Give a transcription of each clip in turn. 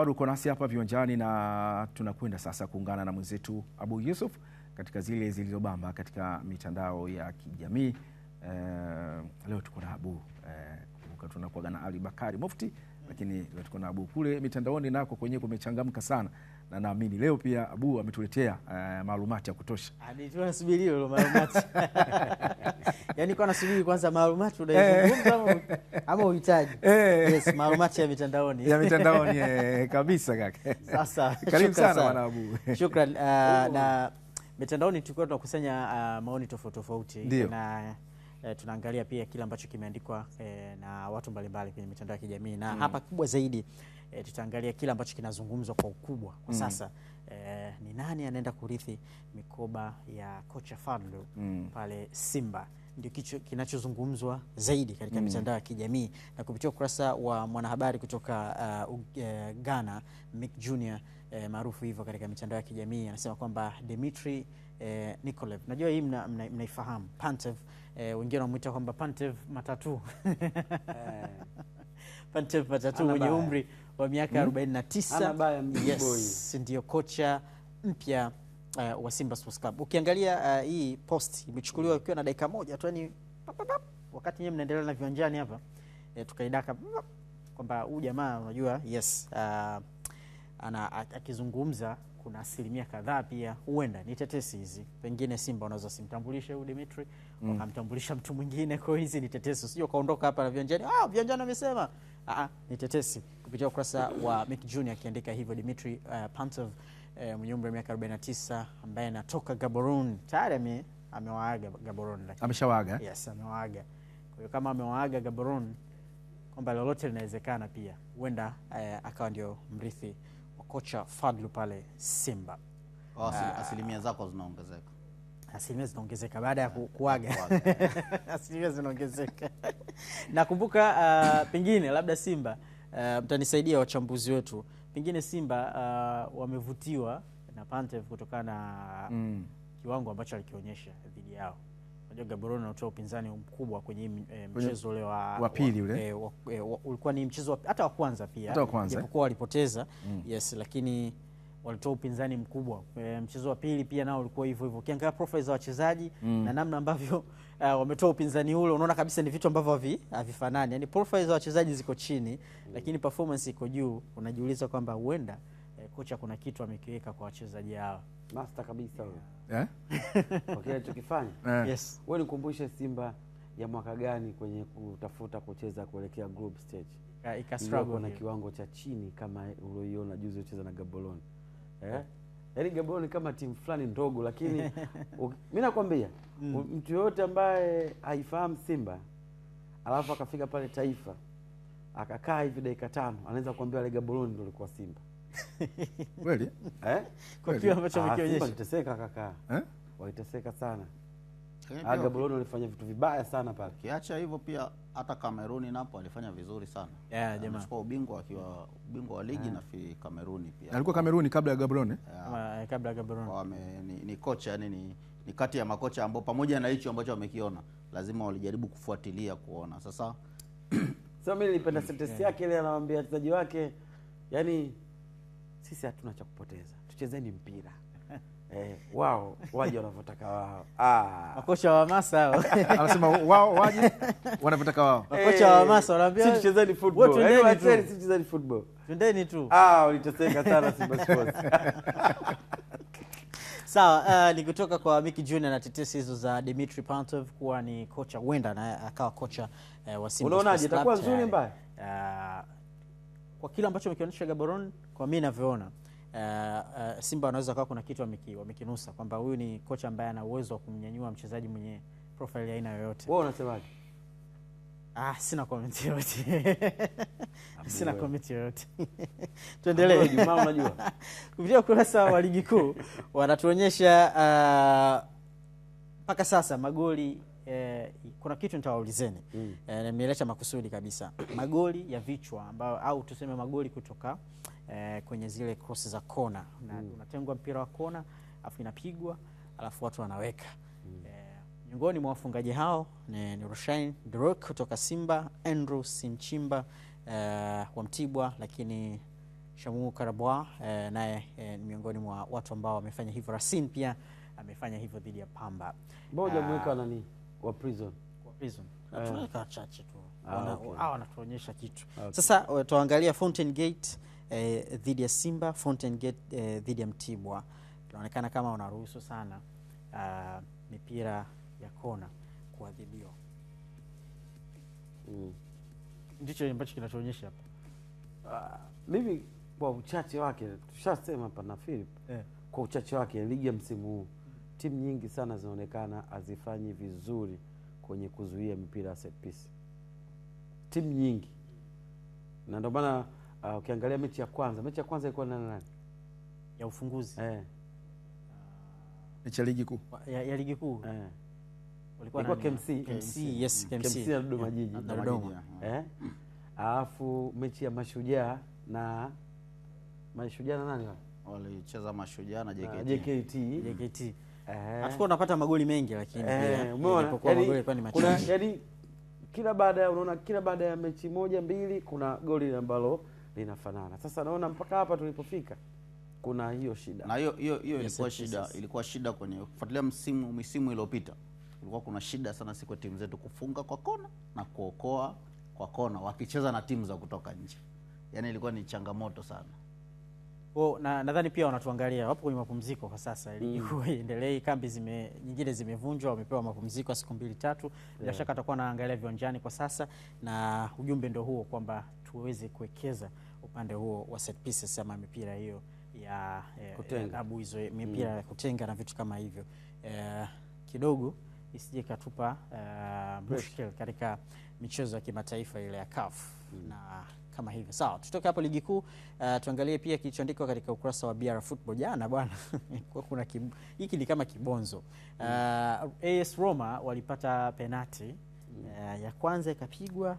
Bado uko nasi hapa viwanjani na tunakwenda sasa kuungana na mwenzetu Abu Yusuf katika zile zilizobamba katika mitandao ya kijamii. eh, leo tuko na Abu eh, tunakuaga na Ali Bakari Mufti, lakini leo tuko na Abu kule mitandaoni, nako kwenyewe kumechangamka sana na naamini leo pia Abu ametuletea uh, maalumati ya kutosha. Ah, nilikuwa nasubiri maalumati. Yaani kwa nasubiri kwanza maalumati ama uhitaji. Eh. Yes, maalumati ya mitandaoni. ya mitandaoni eh, kabisa kaka. Sasa karibu sana bwana Abu. Shukrani ah, uh, na mitandaoni tulikuwa tunakusanya uh, maoni tofauti tofauti na E, tunaangalia pia kile ambacho kimeandikwa e, na watu mbalimbali kwenye mitandao ya kijamii na mm. Hapa kubwa zaidi e, tutaangalia kile ambacho kinazungumzwa kwa ukubwa kwa mm. e, ni nani anaenda kurithi mikoba ya kocha Fadlu mm. pale Simba ndio kicho kinachozungumzwa zaidi katika mm. mitandao ya kijamii na kupitia ukurasa wa mwanahabari kutoka uh, uh, Ghana Mick Junior uh, maarufu hivyo katika mitandao ya kijamii anasema kwamba Dimitri uh, Nikolev, najua hii mnaifahamu mna, mna Pantev uh, wengine wanamwita kwamba Pantev matatu Pantev Matatu mwenye umri wa miaka 49, hmm? yes, ndiyo kocha mpya uh, wa Simba Sports Club. Ukiangalia uh, hii post imechukuliwa ikiwa na dakika moja tu, yani wakati nyewe mnaendelea na viwanjani hapa e, tukaidaka kwamba huyu jamaa unajua, yes, uh, ana akizungumza kuna asilimia kadhaa pia huenda ni tetesi hizi, pengine Simba wanaweza simtambulishe huyu Dimitri mm. wakamtambulisha mtu mwingine. Kwa hizi ni tetesi, sio kaondoka hapa na viwanjani, ah, viwanjani amesema ah, ah ni tetesi. Kupitia ukurasa wa Mick Junior akiandika hivyo Dimitri uh, Pantov eh, mwenye umri wa miaka 49 ambaye anatoka Gaborun tayari ame, amewaaga Gaborone, ameshawaaga yes, amewaaga. Kwa hiyo kama amewaaga Gaborun kwamba lolote linawezekana pia, huenda eh, akawa ndio mrithi kocha Fadlu pale Simba oh, asilimia uh, zako zinaongezeka, uh, asilimia zinaongezeka baada ya kuaga asilimia zinaongezeka nakumbuka. Uh, pengine labda Simba uh, mtanisaidia wachambuzi wetu, pengine Simba uh, wamevutiwa na Pantev kutokana na mm. kiwango ambacho alikionyesha dhidi yao. Unajua Gaborone anatoa upinzani mkubwa kwenye eh, mchezo ule wa, wa pili ule eh, eh, ulikuwa ni mchezo hata wa kwanza pia japokuwa walipoteza mm. Yes, lakini walitoa upinzani mkubwa e, mchezo wa pili pia nao ulikuwa hivyo hivyo. Ukiangalia profile za wachezaji mm. na namna ambavyo uh, wametoa upinzani ule, unaona kabisa ni vitu ambavyo havifanani, yani profile za wachezaji ziko chini, mm. lakini performance iko juu, unajiuliza kwamba huenda kocha kuna kitu amekiweka kwa wachezaji hawa master kabisa huyo yeah. eh? kwa kile alichokifanya eh. Yes. Wewe nikumbushe Simba ya mwaka gani kwenye kutafuta kucheza kuelekea group stage ikastruggle na kiwango cha chini kama ulioiona juzi ucheza na Gaborone eh? Yaani Gaborone kama timu fulani ndogo, lakini mimi nakwambia mm. mtu yoyote ambaye haifahamu Simba alafu akafika pale Taifa akakaa hivi dakika tano anaweza kuambia wale Gaborone ndio walikuwa Simba. Kweli? Eh? Kwa kile ambacho ah, mkionyesha. Waliteseka kaka. Eh? Waliteseka sana. Aga Boloni ah, walifanya vitu vibaya sana pale. Kiacha hivyo pia hata Kameruni napo alifanya vizuri sana. Yeah, jamaa. Alichukua ubingwa akiwa ubingwa wa ligi yeah. na fi Kameruni pia. Alikuwa Kameruni kabla ya Gaborone? Yeah. Ah, eh, kabla ya Kwa me, ni, ni kocha yani ni, ni kati ya makocha ambao pamoja na hicho ambacho wamekiona lazima walijaribu kufuatilia kuona. Sasa sasa mimi nilipenda sentence yake ile anamwambia wachezaji wake yani sisi hatuna cha kupoteza, tuchezeni mpira eh, wao waje wanavyotaka wao. Ah, makocha wa hamasa hao anasema wao waje wanavyotaka wao, makocha wa eh, hamasa wanaambia sisi tuchezeni football, wewe tuchezeni, yaani sisi tuchezeni football, twendeni tu. Ah, uliteseka sana Simba Sports. Sawa. So, Uh, eh, ni kutoka kwa Mickey Junior na tetesi hizo za Dimitri Pantov kuwa ni kocha, huenda na akawa kocha uh, wa Simba. Unaonaje, itakuwa nzuri mbaya? Uh, kwa kile ambacho amekionyesha Gaborone kwa mi navyoona uh, eh, uh, eh, Simba wanaweza kawa kuna kitu wamekinusa kwamba huyu ni kocha ambaye ana uwezo wa kumnyanyua mchezaji mwenye profile ya aina yoyote. Wewe unasemaje? Ah, sina comment yoyote. Sina comment yoyote. Tuendelee. unajua. Kupitia ukurasa wa ligi kuu wanatuonyesha eh, mpaka uh, sasa magoli eh, kuna kitu nitawaulizeni mm. Eh, nimeleta makusudi kabisa magoli ya vichwa ambayo au tuseme magoli kutoka eh, kwenye zile cross za kona na mm. unatengwa mpira wa kona afu inapigwa alafu watu wanaweka miongoni mm. eh, mwa wafungaji hao ni, ni Rushain Druk kutoka Simba, Andrew Simchimba eh, wa Mtibwa, lakini Shamu Karabwa eh, naye eh, ni miongoni mwa watu ambao wamefanya hivyo. Rasin pia amefanya hivyo dhidi ya Pamba. Mmoja ah, mweka nani wa prison wa prison eh. tunaweka wachache tu, Ah, wanatuonyesha kitu. Okay. Sasa eh, tuangalia Fountain Gate Eh, dhidi ya Simba, Fountain Gate eh, dhidi ya Mtibwa. Inaonekana kama wanaruhusu sana uh, mipira ya kona kuadhibiwa mm. Ndicho ambacho kinachoonyesha hapa. Uh, mimi kwa uchache wake tushasema hapa na Philip eh, kwa uchache wake ligi ya msimu huu mm. timu nyingi sana zinaonekana hazifanyi vizuri kwenye kuzuia mipira ya set piece, timu nyingi, na ndio maana Ah, ukiangalia mechi ya kwanza, mechi ya kwanza ilikuwa nani nani? Ya ufunguzi. Eh. Ah. Mechi ya ligi kuu. Ya, ya ligi kuu. Eh. Walikuwa na KMC. KMC, yes, KMC. KMC na Dodoma Jiji. Na Dodoma. Eh. Alafu mechi ya Mashujaa na Mashujaa na nani wale? Walicheza Mashujaa na JKT. JKT. JKT. Eh. Afikwa unapata magoli mengi lakini eh, umeona? Yaani kuna yani kila baada ya unaona kila baada ya mechi moja mbili kuna goli ambalo linafanana. Sasa naona mpaka hapa tulipofika kuna hiyo shida, na hiyo hiyo hiyo ilikuwa shida Ilikuwa shida kwenye kufuatilia msimu misimu iliyopita, kulikuwa kuna shida sana si kwa timu zetu kufunga kwa kona na kuokoa kwa kona wakicheza na timu za kutoka nje, yaani ilikuwa ni changamoto sana. Oh, na nadhani pia wanatuangalia wapo kwenye mapumziko kwa sasa, ili mm. iendelee mm. Kambi zime nyingine zimevunjwa, wamepewa mapumziko siku mbili tatu, bila yeah. shaka atakuwa anaangalia viwanjani kwa sasa, na ujumbe ndio huo kwamba tuweze kuwekeza upande huo wa set pieces ama mipira hiyo ya eh, klabu hizo eh, mipira ya mm. kutenga na vitu kama hivyo eh, kidogo isije katupa uh, mushkil katika michezo ya kimataifa ile ya CAF mm. na kama hivyo sawa. Tutoke hapo ligi kuu, uh, tuangalie pia kilichoandikwa katika ukurasa wa BR Football jana bwana kuna kib... hiki ni kama kibonzo uh, mm. AS Roma walipata penati uh, mm. ya kwanza ikapigwa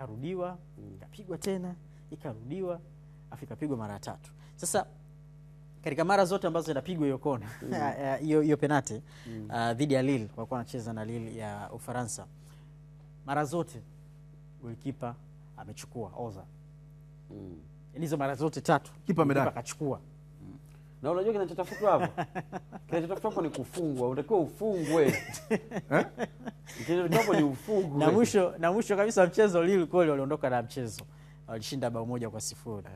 ikarudiwa ikapigwa tena ikarudiwa afu ikapigwa mara ya tatu. Sasa katika mara zote ambazo inapigwa hiyo kona mm-hmm. eh, hiyo mm. penati mm. uh, dhidi ya lil walikuwa wanacheza na lil ya Ufaransa, mara zote golkipa amechukua oza mm. Yaani hizo mara zote tatu kipa kachukua na unajua kinachotafutwa hapo, kinachotafutwa hapo ni kufungwa, unatakiwa ufungwe eh? kinachotafutwa hapo ni ufungwe. Na mwisho na mwisho kabisa mchezo Lille kweli waliondoka na mchezo, walishinda bao moja kwa sifuri eh.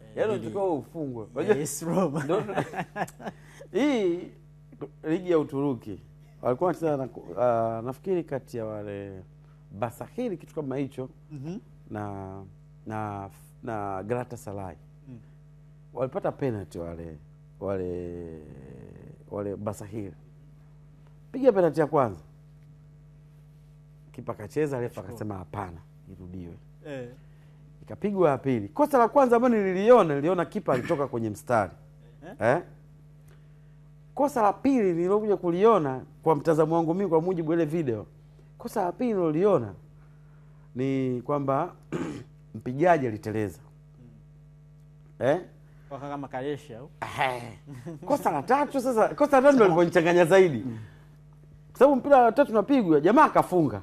eh yaani unatakiwa ufungwe. Eh, yes, Roma. Hii ligi ya Uturuki walikuwa wanacheza na, uh, nafikiri kati ya wale Basakiri kitu kama hicho mm -hmm. na na na Galatasaray walipata penalty wale wale wale basahir piga penalty ya kwanza, kipa kacheza, refa akasema hapana, irudiwe eh. Ikapigwa ya pili. Kosa la kwanza ambalo nililiona, niliona kipa alitoka kwenye mstari eh? Eh? Kosa la pili nililokuja kuliona kwa mtazamo wangu mimi, kwa mujibu ile video, kosa la pili niloliona ni kwamba mpigaji aliteleza mm. eh? Waka kama au? Kosa la tatu sasa, kosa la tatu ndio zaidi. Kwa sababu mpira wa tatu unapigwa, jamaa akafunga.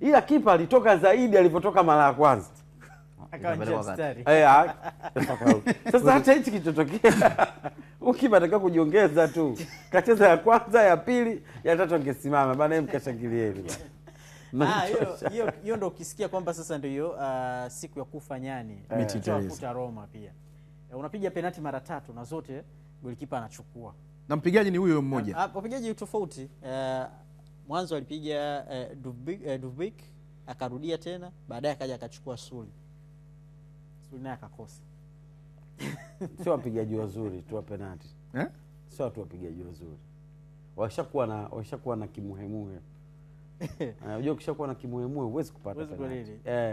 Ila kipa alitoka zaidi alivyotoka mara ya kwanza. Eh, ah. Sasa hata hichi kichotokea ukipa atakiwa kujiongeza tu, kacheza ya kwanza, ya pili, ya tatu angesimama bana, mkashangilieni. Ah, hiyo ndo ukisikia kwamba sasa ndio uh, siku ya kufa nyani Roma pia Eh, unapiga penati mara tatu na zote golikipa anachukua, na mpigaji ni huyo mmoja. Wapigaji ah, tofauti uh, mwanzo alipiga uh, eh, Dubik, uh, akarudia tena, baadaye akaja akachukua Suli. Suli naye akakosa. Sio wapigaji wazuri tu penati eh? Sio watu wapigaji wazuri, washakuwa na washakuwa na kimuhemuhe unajua uh, ukishakuwa na kimuhemuhe huwezi kupata penati,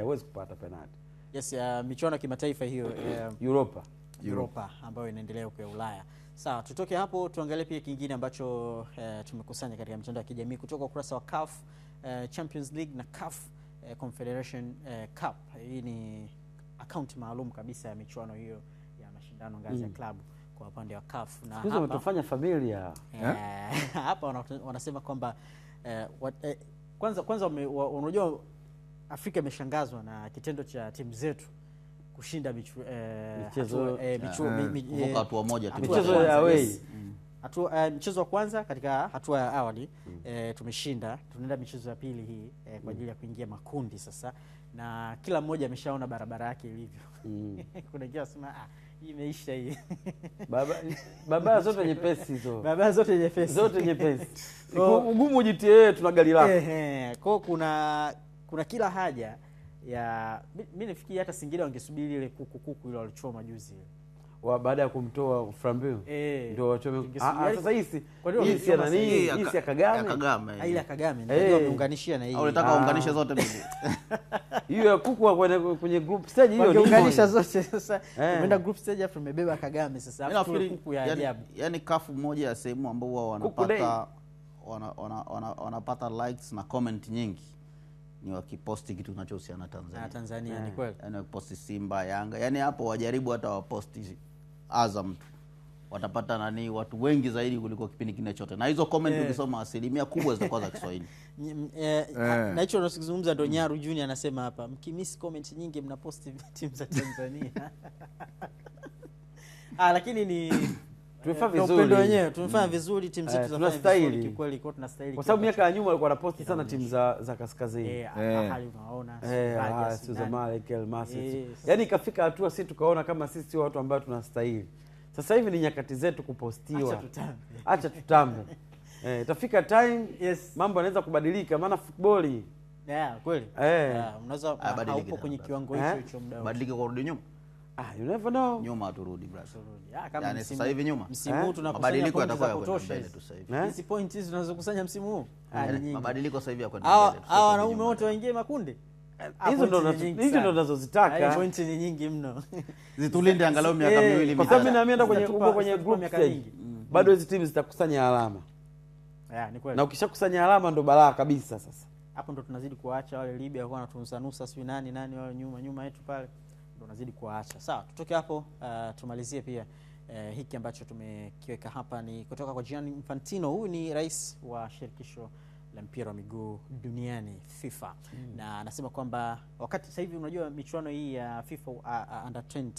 huwezi eh, kupata penati. Yes, uh, michuano ya kimataifa hiyo uh, Europa Europa ah, ambayo inaendelea huko Ulaya. Sawa, tutoke hapo tuangalie pia kingine ambacho uh, tumekusanya katika mitandao ya kijamii kutoka ukurasa wa CAF uh, Champions League na CAF uh, Confederation uh, Cup. Hii ni akaunti maalum kabisa ya michuano hiyo ya mashindano ngazi mm. ya klabu kwa upande wa CAF na hapa wametufanya familia uh, hapa wanasema kwamba uh, eh, kwanza kwanza unajua Afrika imeshangazwa na kitendo cha timu zetu kushinda michezo ya mchezo mm. eh, wa kwanza katika hatua ya awali mm. E, eh, tumeshinda, tunaenda michezo ya pili hii e, kwa ajili mm. ya kuingia makundi sasa, na kila mmoja ameshaona barabara yake ilivyo mm. kuna ah, imeisha hii zote nyepesi hizo zote nyepesi zote nyepesi oh. ugumu ujitie, tuna gari lako kuna kuna kila haja ya mi nafikiri hata Singida wangesubiri ile kuku kuku ile walichoma juzi ile wa baada ya kumtoa Flambeau e, eh. ndio wachome. Ah, ah, yaani sasa hii hisi si nini hisi ya Kagame Kagame ah, ile ya Kagame eh. ndio hey. ameunganishia na hii. Au unataka unganishe zote mimi hiyo ya kuku wa kwenye group stage hiyo ndio unganisha zote. Eh. Sasa umeenda group stage afu umebeba Kagame sasa afu kuku ya ajabu. Yaani kafu moja ya sehemu ambao wanapata wanapata likes na comment nyingi ni wakiposti kitu kinachohusiana Tanzania, Tanzania ni eh. kweli, yani wakiposti Simba, Yanga, yani hapo wajaribu hata waposti Azam tu watapata nani, watu wengi zaidi kuliko kipindi kingine chote, na hizo comment eh. ukisoma asilimia kubwa zitakuwa za Kiswahili eh, ah, Na hicho unachozungumza ndo Nyaru Junior anasema hapa, mkimiss comment nyingi mnaposti timu za Tanzania ah, lakini ni tumefanya vizuri tumefanya mm. vizuri timu eh, zetu za tunastahili kweli kwa tunastahili kwa sababu miaka ya nyuma walikuwa wanaposti sana timu za za kaskazini eh, eh. hali unaona eh sio Zamalek El Masry eh, yani ikafika hatua sisi tukaona kama sisi sio watu ambao tunastahili sasa hivi ni nyakati zetu kupostiwa acha tutambe acha tutambe eh itafika time yes. mambo yanaweza kubadilika maana football yeah kweli eh yeah, unaweza ah, haupo kwenye kiwango hicho hicho muda badilike kwa rudi nyuma Ah, you never know. Nyuma turudi brother. Turudi. Ah, kama yani, sasa hivi nyuma. Msimu huu eh? tunakusanya yatakuwa ya kutosha sasa hivi. Eh? Hizi pointi tunazokusanya msimu huu. Eh, ah, ni nyingi. Mabadiliko sasa hivi yakwenda mbele. Hao wanaume wote waingie makundi. Hizo ndo hizo ndo nazozitaka. points ni nyingi mno. Zitulinde angalau miaka miwili mitatu. Kwa sababu mimi naamini kwenye uko kwenye group miaka mingi. Mm. Bado hizi timu zitakusanya alama. Yeah, ni kweli. Na ukishakusanya alama ndo balaa kabisa sasa. Hapo ndo tunazidi kuacha wale Libya walikuwa wanatunusa nusa sio nani nani wale nyuma nyuma yetu pale ndo unazidi kuwaacha. Sawa, tutoke hapo uh, tumalizie pia uh, hiki ambacho tumekiweka hapa ni kutoka kwa Gianni Infantino. Huyu ni rais wa shirikisho la mpira wa miguu duniani FIFA, mm. na anasema kwamba wakati sasa hivi unajua michuano hii ya FIFA uh, uh, under 20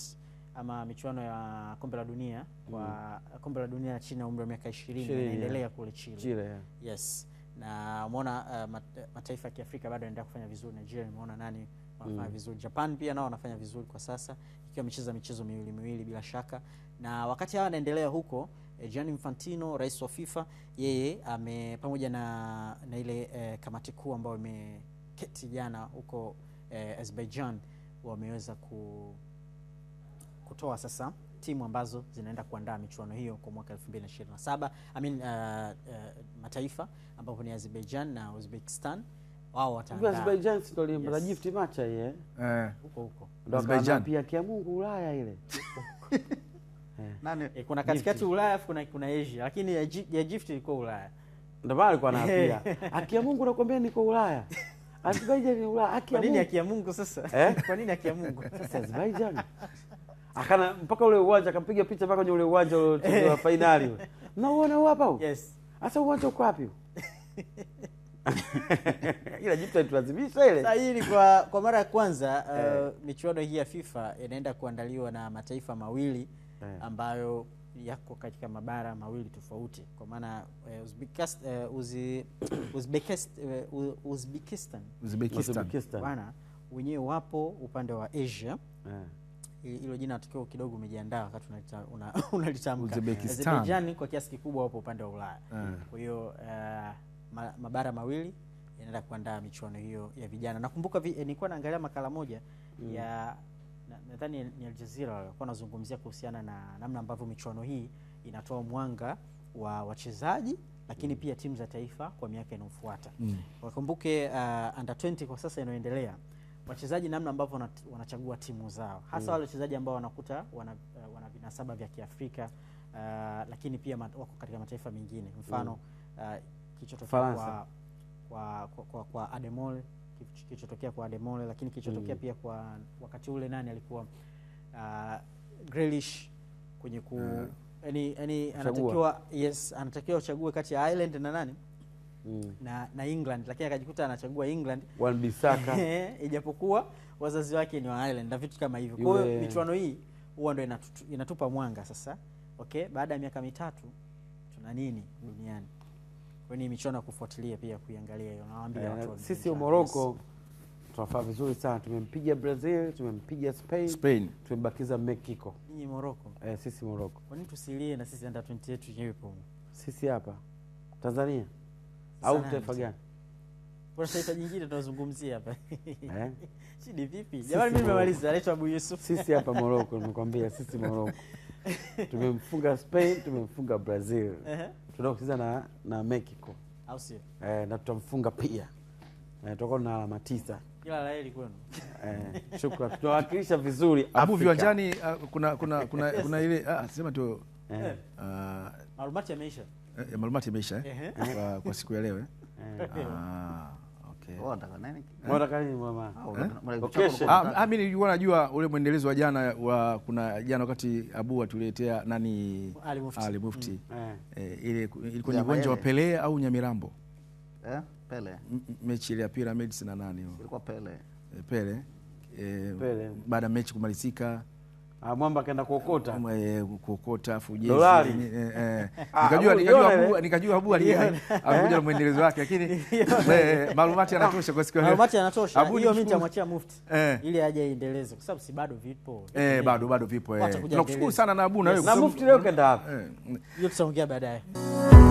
ama michuano ya kombe la dunia kwa mm. kombe la dunia chini ya umri wa miaka 20 inaendelea kule Chile. Chile yeah. Yes. Na umeona uh, mataifa ya Kiafrika bado yanaendelea kufanya vizuri. Nigeria imeona nani wanafanya mm. vizuri. Japan pia nao wanafanya vizuri kwa sasa ikiwa amecheza michezo miwili miwili bila shaka, na wakati hawa anaendelea huko eh, Gianni Infantino, rais wa FIFA, yeye ame pamoja na, na ile eh, kamati kuu ambayo imeketi jana huko eh, Azerbaijan wameweza ku, kutoa sasa timu ambazo zinaenda kuandaa michuano hiyo kwa mwaka 2027 I mean, uh, uh, mataifa ambapo ni Azerbaijan na Uzbekistan wao wataandaa. Azerbaijan ndio limba yes. Gift match hii Eh. Eh. Huko huko. Ndio Azerbaijan. Pia kia Mungu Ulaya ile. Eh. Nani? E, kuna katikati Ulaya afu kuna kuna Asia lakini ya, ya Gift ilikuwa Ulaya. Ndio bali kwa anaambia. Eh. Akia Mungu nakwambia niko Ulaya. Azerbaijan ni Ulaya. Akia Mungu. Kwa nini akia Mungu sasa? Eh? Kwa nini akia Mungu? Sasa Azerbaijan. Akana mpaka ule uwanja akampiga picha mpaka kwenye ule uwanja ule wa finali. Mnaona hapa? Yes. Sasa uwanja uko wapi? ila jipta alitulazimisha ile. Sasa hili kwa, kwa mara ya kwanza uh, michuano hii ya FIFA inaenda kuandaliwa na mataifa mawili eh, ambayo yako katika mabara mawili tofauti kwa maana uh, Uzbekistan, uh, Uzi, uh, Uzbekistan, bwana wenyewe wapo upande wa Asia eh hilo jina tukio kidogo umejiandaa wakati unalitamka una, una Uzbekistan kwa kiasi kikubwa wapo upande wa Ulaya. Kwa hiyo uh, mabara mawili yanaenda kuandaa michuano hiyo ya vijana. Nakumbuka vi, eh, nilikuwa naangalia makala moja mm. ya nadhani na ni Al Jazeera walikuwa wanazungumzia kuhusiana na namna ambavyo michuano hii inatoa mwanga wa wachezaji lakini mm. pia timu za taifa kwa miaka inayofuata mm. Wakumbuke uh, under 20 kwa sasa inaendelea. wachezaji namna ambavyo wanachagua timu zao hasa mm. wale wachezaji ambao wanakuta wana, uh, wana vinasaba vya Kiafrika uh, lakini pia wako katika mataifa mengine mfano mm. uh, kilichotokea kwa, kwa, kwa, kwa, kwa kilichotokea kwa Ademol, lakini kilichotokea mm. pia kwa wakati ule nani alikuwa uh, Grealish kwenye ku mm. yani, yani anatakiwa yes, anatakiwa uchague kati ya Ireland na nani mm. na, na England, lakini akajikuta anachagua England Wan Bissaka ijapokuwa wazazi wake ni wa Ireland na vitu kama hivyo. Kwa hiyo michuano hii huwa ndio inatupa mwanga sasa. Okay, baada ya miaka mitatu tuna nini duniani? ni michuano kufuatilia pia kuiangalia hiyo, nawaambia eh, watu wa sisi Morocco tunafaa vizuri sana, tumempiga Brazil, tumempiga Spain, Spain. tumebakiza Mexico. Ninyi Morocco? Eh, sisi Morocco. Kwa nini tusilie na sisi under 20 yetu yenyewe ipo sisi hapa Tanzania au taifa gani? Kuna taifa jingine tunazungumzia hapa eh? Shidi vipi jamani, mimi nimemaliza. Anaitwa Abu Yusuf. Sisi hapa Morocco, nimekwambia sisi Morocco tumemfunga Spain, tumemfunga Brazil uh -huh tunaenda kucheza na, na Mexico au sio? Eh, na tutamfunga pia eh, tutakuwa na alama tisa. Kila la heri kwenu. Eh, shukrani, tunawakilisha vizuri hapo viwanjani. Uh, kuna kuna kuna, yes. kuna ile ah, sema tu eh. Uh, ah, malumati yameisha eh, malumati yameisha eh, kwa, kwa siku ya leo eh. eh. ah. Eh. Oh, eh? ah, eh? ah, mimi nilikuwa najua ule mwendelezo wa jana wa kuna jana wakati Abu atuletea nani Ali Mufti mm. ile ilikuwa ni uwanja wa Pele au Nyamirambo mechi ile ya Pyramids na nani Pele baada ya mechi kumalizika Ah, mwamba akaenda kuokota kuokota, afu jezi eh, eh. ah, nikajua nikajua eh. nikajua Abu alikuja na mwendelezo wake, lakini malumati yanatosha kwa siku hiyo, malumati yanatosha hiyo. Mimi nitamwachia Mufti ili aje aendeleze kwa sababu si bado vipo eh, bado bado vipo eh. Tunakushukuru sana na Abu na wewe na Mufti leo kaenda hapo, hiyo tutaongea baadaye.